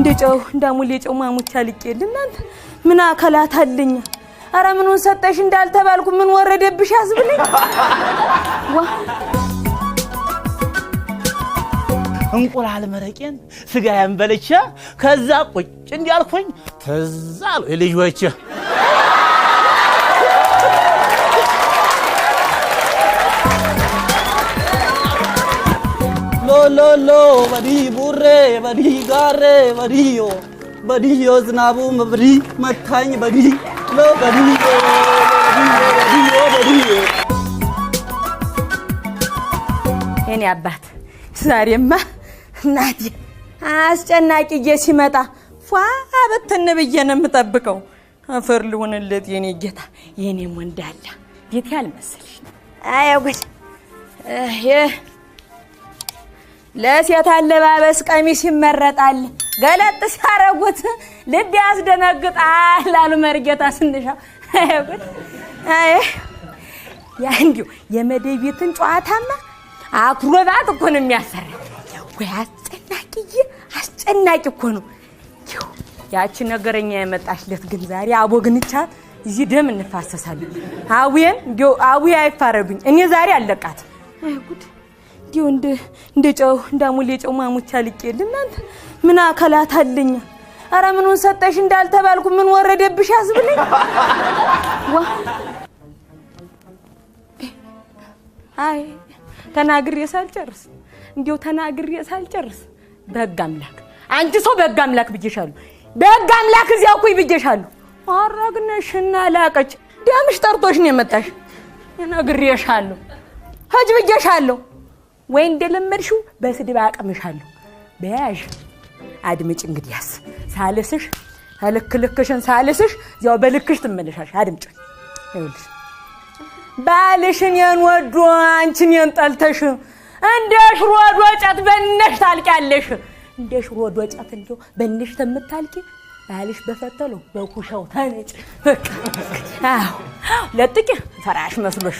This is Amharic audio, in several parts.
እንደ ጨው እንዳሙሌ ጨው ማሙቻ ልቄል እናንተ ምን አካላት አለኝ። አረ ምኑን ሰጠሽ እንዳልተባልኩ ምን ወረደብሽ አስብልኝ። እንቁላል መረቄን ስጋ ያንበለቻ ከዛ ቁጭ እንዲያልኩኝ ትዝ አሉ ልጆቼ ሎሎሎ በዲ ቡሬ በዲ ጋሬ በዲዮ በዲዮ ዝናቡ በዲ መታኝ በዲ ሎ በዲ የኔ አባት ዛሬማ እናቴ አስጨናቂዬ ሲመጣ ፏ በትን ብዬ ነው የምጠብቀው። አፈር ልሆንለት የኔ ጌታ የኔም ወንዳላ ቤት ያልመስል አይ ጉድ ለሴት አለባበስ ቀሚስ ይመረጣል። ገለጥ ሲያረጉት ልብ ያስደነግጣል አሉ መርጌታ ስንሻ። ያ እንዲሁ የመደቤትን ጨዋታማ አክሮባት እኮ ነው የሚያሰራ። ወይ አስጨናቂ አስጨናቂ እኮ ነው። ያቺ ነገረኛ የመጣችለት ግን ዛሬ አቦ ግንቻት እዚህ ደም እንፋሰሳለን። አዊን አዊ አቡዬ አይፋረዱኝ። እኔ ዛሬ አለቃት እንዲሁ እንደ እንደ ጨው እንዳሙሌ ጨው ማሙቻ ልቄል። እናንተ ምን አካላት አለኝ? አረ ምኑን ሰጠሽ እንዳልተባልኩ ምን ወረደብሽ አስብልኝ። ዋ አይ ተናግሬ ሳልጨርስ እንዲሁ ተናግሬ ሳልጨርስ በሕግ አምላክ አንቺ ሰው በሕግ አምላክ ብዬሻለሁ። በሕግ አምላክ እዚያው እኮ ብዬሻለሁ። አራግነሽና ላቀች ደምሽ ጠርቶሽ ነው የመጣሽ። ነግሬሻለሁ፣ ሂጅ ብዬሻለሁ። ወይ እንደለመድሽው በስድብ አቅምሻለሁ። በያዥ አድምጭ። እንግዲያስ ሳልስሽ ልክ ልክሽን ሳልስሽ እዚያው በልክሽ ትመለሻሽ። አድምጭ። ይኸውልሽ ባልሽን የን ወዶ አንቺን የን ጠልተሽ እንደ ሽሮ ዶጨት በነሽ ታልቂያለሽ። እንደ ሽሮ ዶጨት እንዲያው በነሽ ተምታልቂ ባልሽ በፈተለው በኩሻው ተነጭ ለጥቂ ፈራሽ መስሎሽ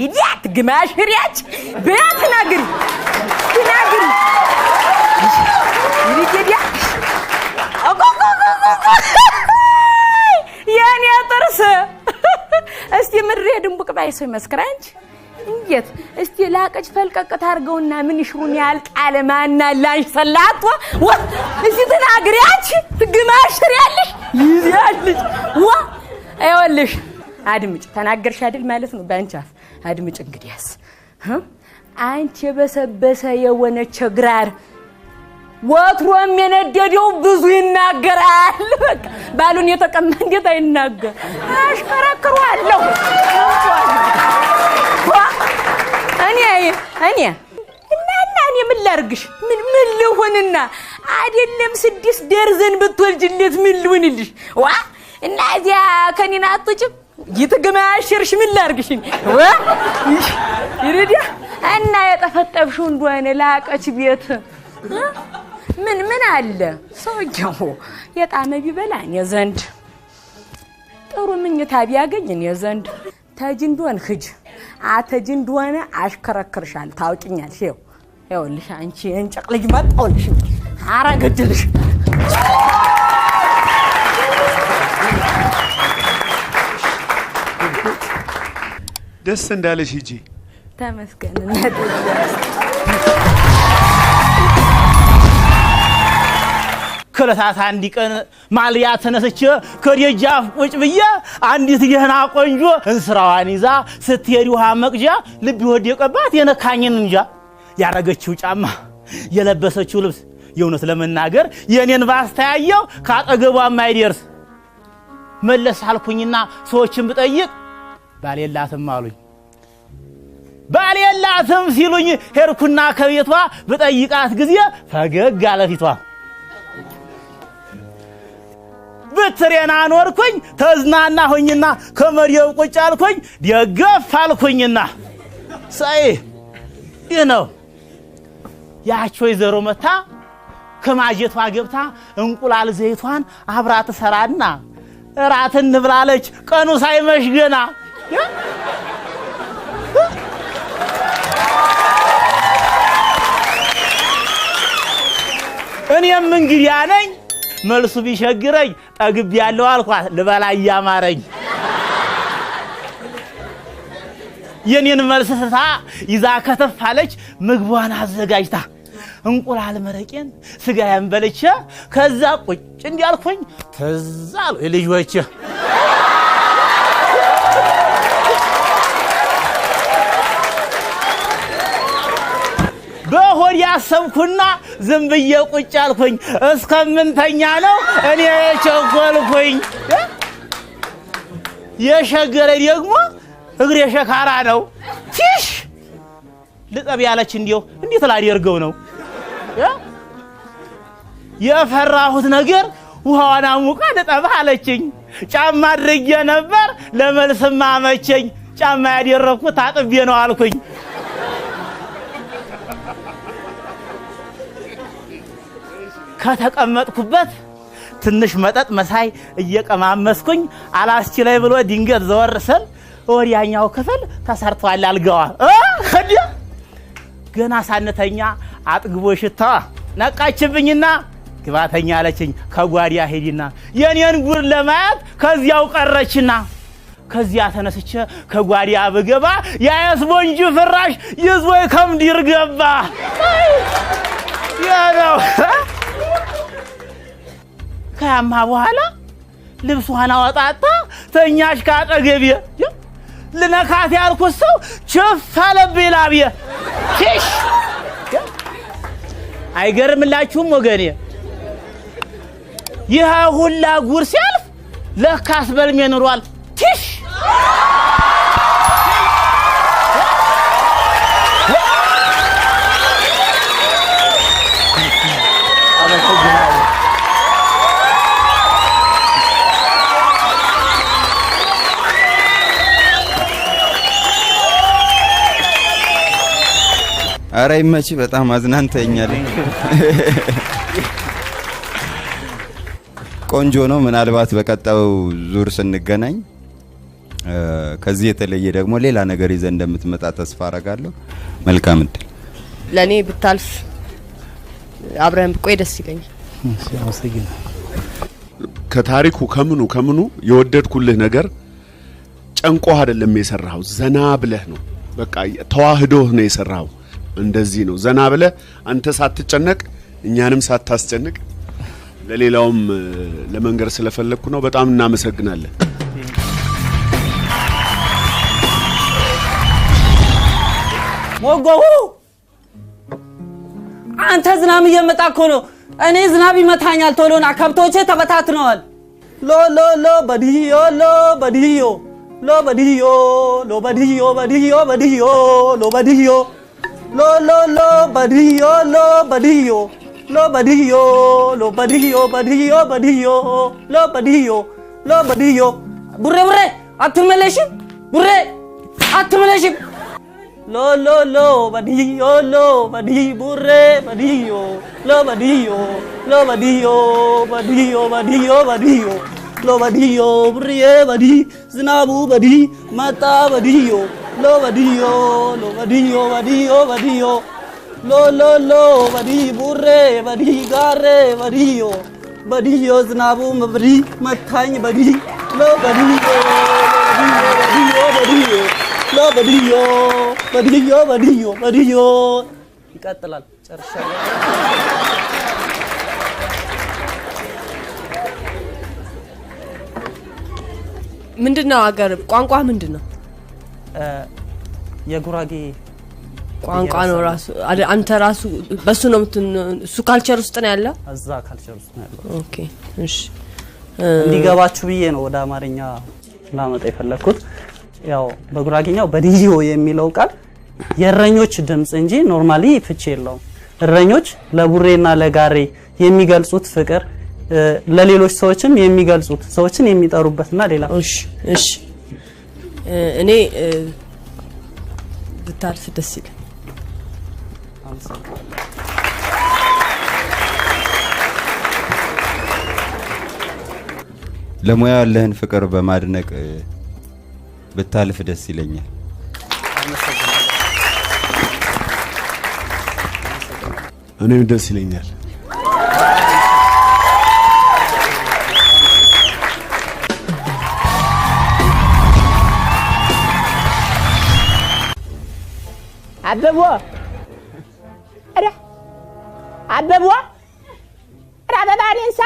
ይዲያት ግማሽ ሪያች ቢያት ናግሪ ናግሪ የእኔ ጥርስ እስቲ ምድሬ ድንቡቅ ባይ ሰው ይመስክራንች ቆየት እስቲ ላቀች ፈልቀቅ ታርገውና ምን ይሽሩን ያልቃለ ማና ላንሽ ሰላቶ ወ እዚ ተናግሪያች ትግማሽ ትሪያለሽ ይዚያለሽ ዋ አይወልሽ አድምጭ ተናገርሽ አይደል ማለት ነው ባንቻፍ አድምጭ እንግዲያስ አንቺ የበሰበሰ የሆነ ቸግራር ወትሮም የነደደው ብዙ ይናገራል። በቃ ባሉን የተቀማ እንዴት አይናገር? አሽከረክሯለሁ እኔ እኔ እናና እኔ ምን ላርግሽ? ምን ምን ልሆንና አይደለም ስድስት ደርዘን ብትወልጅለት ምን ልሆንልሽ? ዋ እና እዚያ ከኔና አትጭም ይትግማሽርሽ ምን ላርግሽ? ዋ ይረዲያ እና የጠፈጠብሽ እንደሆነ ላቀች ቤት ምን ምን አለ ሰውየው የጣመ ቢበላኝ ዘንድ ጥሩ ምኝታ ቢያገኝ ዘንድ ተጅንዶን ሂጅ አተጅንዶን አሽከረክርሻል ታውቂኛለሽ። ይኸው ይኸውልሽ አንቺ እንጨቅ ልጅ መጣሁልሽ አረግድልሽ ደስ እንዳለሽ ሂጂ። ተመስገን። ከዕለታት አንድ ቀን ማልያ ተነስቼ ከደጃፍ ቁጭ ብዬ አንዲት ደህና ቆንጆ እንስራዋን ይዛ ስትሄድ ውሃ መቅጃ ልብ የወደቀባት የነካኝን እንጃ ያረገችው ጫማ የለበሰችው ልብስ የእውነት ለመናገር የእኔን ባስተያየው ከአጠገቧ ማይደርስ መለስ አልኩኝና ሰዎችን ብጠይቅ ባል የላትም አሉኝ። ባል የላትም ሲሉኝ ሄድኩና ከቤቷ ብጠይቃት ጊዜ ፈገግ አለፊቷ በትሬን አኖርኩኝ ተዝናናሁኝና ከመሪው ቁጭ አልኩኝ ደገፍ አልኩኝና ሳይ ይህ ነው ያች ወይዘሮ መታ ከማጀቷ ገብታ እንቁላል ዘይቷን አብራ ትሰራና እራት እንብላለች። ቀኑ ሳይመሽ ገና እኔም እንግዲያ ነኝ። መልሱ ቢሸግረኝ ጠግብ ያለው አልኳት ልበላ እያማረኝ የኔን መልስ ስታ ይዛ ከተፍ አለች። ምግቧን አዘጋጅታ እንቁላል መረቄን ስጋ ያንበለቸ ከዛ ቁጭ እንዲያልኩኝ ትዝ አሉ ልጆቼ። ወዲያ ሰብኩና ዝም ብዬ ቁጭ አልኩኝ። እስከምንተኛ ነው እኔ የቸኮልኩኝ። የሸገረ ደግሞ እግር ሸካራ ነው። ቲሽ ልጠብ ያለች እንዲው እንዴት ላደርገው ነው የፈራሁት ነገር ውሃዋን አሙቃ ልጠብ አለችኝ። ጫማ አድርጌ ነበር ለመልስማ አመቸኝ። ጫማ ያደረግኩት አጥቤ ነው አልኩኝ። ከተቀመጥኩበት ትንሽ መጠጥ መሳይ እየቀማመስኩኝ አላስች ላይ ብሎ ድንገት ዘወር ስል ወዲያኛው ክፍል ተሰርቷል አልገዋ ከዲ ገና ሳነተኛ አጥግቦ ሽታ ነቃችብኝና ግባተኛ አለችኝ። ከጓዲያ ሄዲና የኔን ጉር ለማየት ከዚያው ቀረችና ከዚያ ተነስቼ ከጓዲያ ብገባ የስፖንጅ ፍራሽ ይዞ ከምድር ገባ ነው። ከያማ በኋላ ልብሷን አወጣጣ ተኛሽ ካጠገቤ። ልነካት ያልኩት ሰው ችፍ አለብኝ ላብዬ። ሽሽ አይገርምላችሁም ወገኔ? ይህ ሁላ ጉር ሲያልፍ ለካስ በልሜ ኑሯል። ቲሽ አረ ይመች። በጣም አዝናንተኛል። ቆንጆ ነው። ምናልባት በቀጣው ዙር ስንገናኝ ከዚህ የተለየ ደግሞ ሌላ ነገር ይዘ እንደምትመጣ ተስፋ አረጋለሁ። መልካም እድል። ለእኔ ብታልፍ አብረን ብቆይ ደስ ይለኛል። ከታሪኩ ከምኑ ከምኑ የወደድኩልህ ነገር ጨንቆህ አይደለም የሰራኸው፣ ዘና ብለህ ነው በቃ ተዋህዶህ ነው የሰራኸው። እንደዚህ ነው። ዘና ብለ አንተ ሳትጨነቅ እኛንም ሳታስጨንቅ ለሌላውም ለመንገር ስለፈለግኩ ነው። በጣም እናመሰግናለን። ሞጎው አንተ ዝናብ እየመጣ እኮ ነው። እኔ ዝናብ ይመታኛል። ቶሎና ከብቶቼ ተበታትነዋል። ሎ ሎ ሎ በድዮ ሎ በድዮ ሎ በድዮ ሎ በድዮ በድዮ በድዮ ሎ በድዮ Lo lo lo badillo lo badillo lo badillo lo badillo badillo badillo lo badillo lo badillo bure, ቡሬ አትመለሽም ቡሬ አትመለሽም lo lo, ሎ badillo lo badi ቡሬ badillo lo badillo lo badillo badillo badillo badillo lo badillo ቡሬ badi ዝናቡ badi መጣ badillo lo và đi ô lo và đi ô và đi ô và đi ô lo lo lo và đi burre và đi gare và đi ô và đi ô znabu mà và đi mặt thanh và đi lo và đi ô và đi ô và đi ô lo và đi ô và đi ô và đi ô và đi ô ይቀጥላል ጨርሻለሁ። ምንድን ነው አገር ቋንቋ ምንድን ነው? የጉራጌ ቋንቋ ነው ራሱ። አንተ ራሱ በሱ ነው ምትን እሱ ካልቸር ውስጥ ነው ያለ። እዛ ካልቸር ውስጥ ነው ያለ። ኦኬ እሺ፣ እንዲገባችሁ ብዬ ነው ወደ አማርኛ ላመጣ የፈለግኩት። ያው በጉራጌኛው በዲዲዮ የሚለው ቃል የእረኞች ድምፅ እንጂ ኖርማሊ ፍቺ የለውም። እረኞች ለቡሬና ለጋሬ የሚገልጹት ፍቅር፣ ለሌሎች ሰዎችም የሚገልጹት ሰዎችን የሚጠሩበትና ሌላ እሺ እሺ እኔ ብታልፍ ደስ ይል ለሙያ ያለህን ፍቅር በማድነቅ ብታልፍ ደስ ይለኛል። እኔም ደስ ይለኛል። አበቦ እረ አበቦ እረ አበባ እንሳ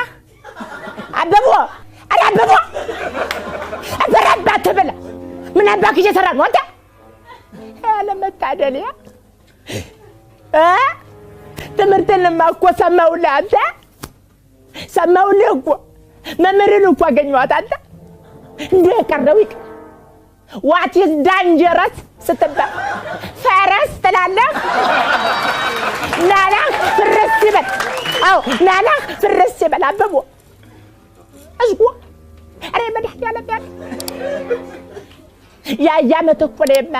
አበቦ እረ አበቦ አበራባት ብላ ምን አባክ እየሰራ ነው አንተ? ያለመታደልያ ትምህርትንማ እኮ ሰማሁልህ አንተ ሰማሁልህ እኮ መምህርን እኮ አገኘኋት አንተ እንደ ቀረው ይቅ ዋት ኢዝ ዳንጀረስ ስትባል ፈረስ ትላለህ። ናላ ፍርስ ይበል። አዎ ናላ ፍርስ ይበል። አበቦ እዝጎ ኧረ መድኃኒዓለም ያለ ያያ መተኮሌማ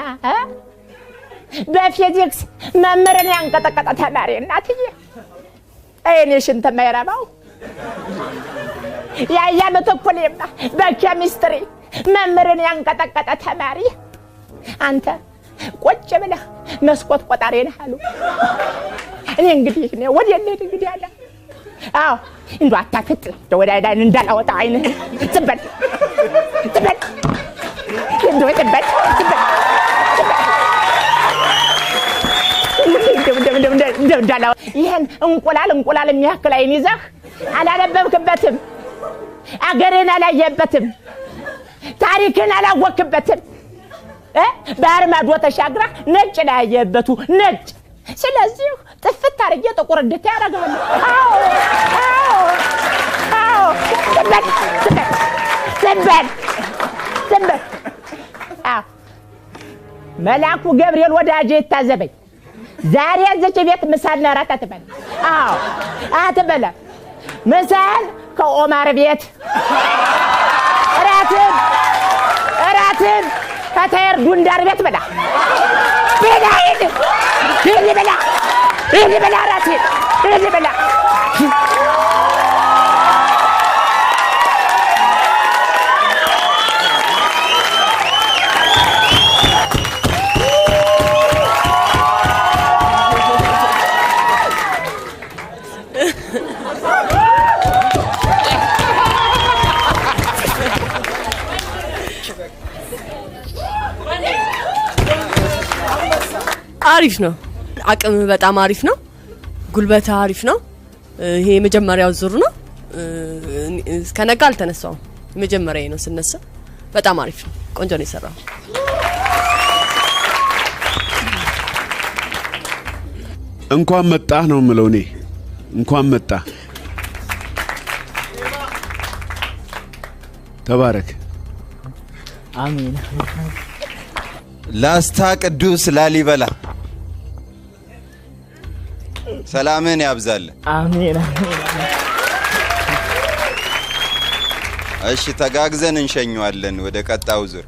በፊዚክስ መምህርን ያንቀጠቀጠ ተማሪ እናትዬ እኔ ሽንት የማይረባው ያያ መተኮሌማ በኬሚስትሪ መምህርን ያንቀጠቀጠ ተማሪ አንተ ቆጭ ብለህ መስኮት ቆጣሪ ነህ አሉ። እኔ እንግዲህ ነው ወደ ሌት እንግዲህ አለ አዎ እንዶ አታፍጥ ወዳዳን እንዳላወጣ አይነ ትበል ትበል እንዶ ትበል ትበል ይህን እንቁላል እንቁላል የሚያክል አይን ይዘህ አላነበብክበትም። አገሬን አላየበትም። ታሪክን አላወክበትም። ባህር ተሻግራ ነጭ ላየበቱ ነጭ። ስለዚህ ጥፍት አርጌ ጥቁር እንድታ ያደርጋለሁ። መላኩ ገብርኤል ወዳጄ ይታዘበኝ። ዛሬ እዚች ቤት ምሳል እራት አትበላ። አዎ አትበላ። ምሳን ከኦማር ቤት ከተር ዱንዳር ቤት በላ በላ ይሄድ ይሄድ በላ ይሄድ በላ ራሴ ይሄድ በላ አሪፍ ነው። አቅም በጣም አሪፍ ነው። ጉልበት አሪፍ ነው። ይሄ የመጀመሪያው ዙር ነው። እስከነጋ አልተነሳውም። የመጀመሪያ ነው ስነሳ። በጣም አሪፍ ነው። ቆንጆ ነው የሰራው። እንኳን መጣ ነው የምለው እኔ። እንኳን መጣ ተባረክ። አሜን። ላስታ ቅዱስ ላሊበላ ሰላምን ያብዛል አሜን። እሺ ተጋግዘን እንሸኘዋለን ወደ ቀጣው ዙር